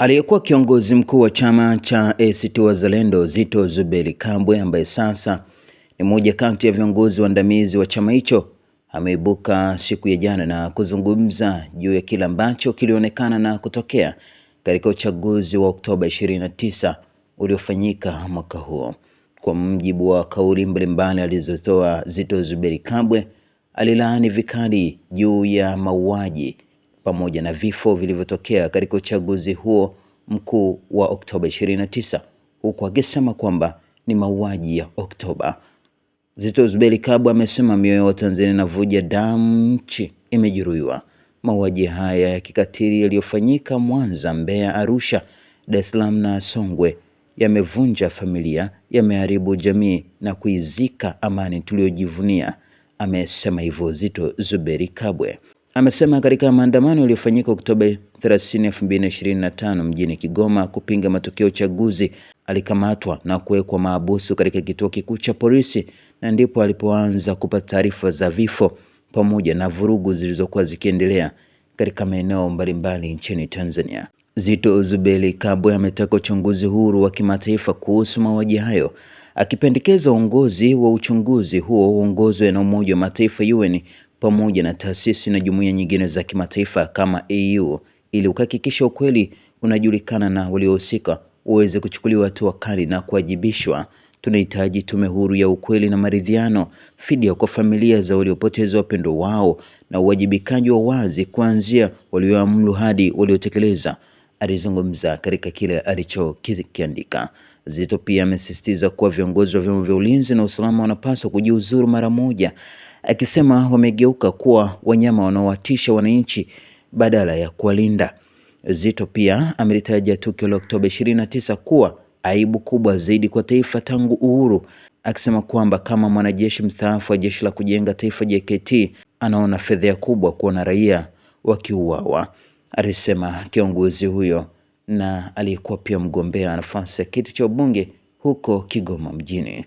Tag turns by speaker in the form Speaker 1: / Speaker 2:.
Speaker 1: Aliyekuwa kiongozi mkuu wa chama cha ACT Wazalendo Zitto Zuberi Kabwe ambaye sasa ni mmoja kati ya viongozi waandamizi wa chama hicho ameibuka siku ya jana na kuzungumza juu ya kile ambacho kilionekana na kutokea katika uchaguzi wa Oktoba 29 uliofanyika mwaka huo. Kwa mujibu wa kauli mbalimbali alizotoa Zitto Zuberi Kabwe, alilaani vikali juu ya mauaji pamoja na vifo vilivyotokea katika uchaguzi huo mkuu wa Oktoba 29 huku akisema kwamba ni mauaji ya Oktoba. Zito Zuberi Kabwe amesema mioyo ya Tanzania inavuja damu, nchi imejeruhiwa. Mauaji haya ya kikatili yaliyofanyika Mwanza, Mbeya, Arusha, Dar es Salaam na Songwe yamevunja familia, yameharibu jamii na kuizika amani tuliyojivunia. Amesema hivyo zito Zuberi Kabwe amesema katika maandamano yaliyofanyika Oktoba 30, 2025 mjini Kigoma kupinga matokeo ya uchaguzi, alikamatwa na kuwekwa mahabusu katika kituo kikuu cha polisi, na ndipo alipoanza kupata taarifa za vifo pamoja na vurugu zilizokuwa zikiendelea katika maeneo mbalimbali nchini Tanzania. Zito Zuberi Kabwe ametaka uchunguzi huru wa kimataifa kuhusu mauaji hayo, akipendekeza uongozi wa uchunguzi huo uongozwe na Umoja wa Mataifa UN pamoja na taasisi na jumuiya nyingine za kimataifa kama EU ili kuhakikisha ukweli unajulikana na waliohusika uweze kuchukuliwa hatua kali na kuwajibishwa. Tunahitaji tume huru ya ukweli na maridhiano, fidia kwa familia za waliopoteza wapendo wao, na uwajibikaji wa wazi kuanzia walioamuru hadi waliotekeleza, alizungumza katika kile alichokiandika. zito pia amesisitiza kuwa viongozi wa vyombo vya ulinzi na usalama wanapaswa kujiuzuru mara moja akisema wamegeuka kuwa wanyama wanaowatisha wananchi badala ya kuwalinda. Zito pia amelitaja tukio la Oktoba 29 kuwa aibu kubwa zaidi kwa taifa tangu uhuru, akisema kwamba kama mwanajeshi mstaafu wa Jeshi la Kujenga Taifa JKT anaona fedheha kubwa kuona raia wakiuawa. Alisema kiongozi huyo na aliyekuwa pia mgombea nafasi ya kiti cha ubunge huko Kigoma mjini.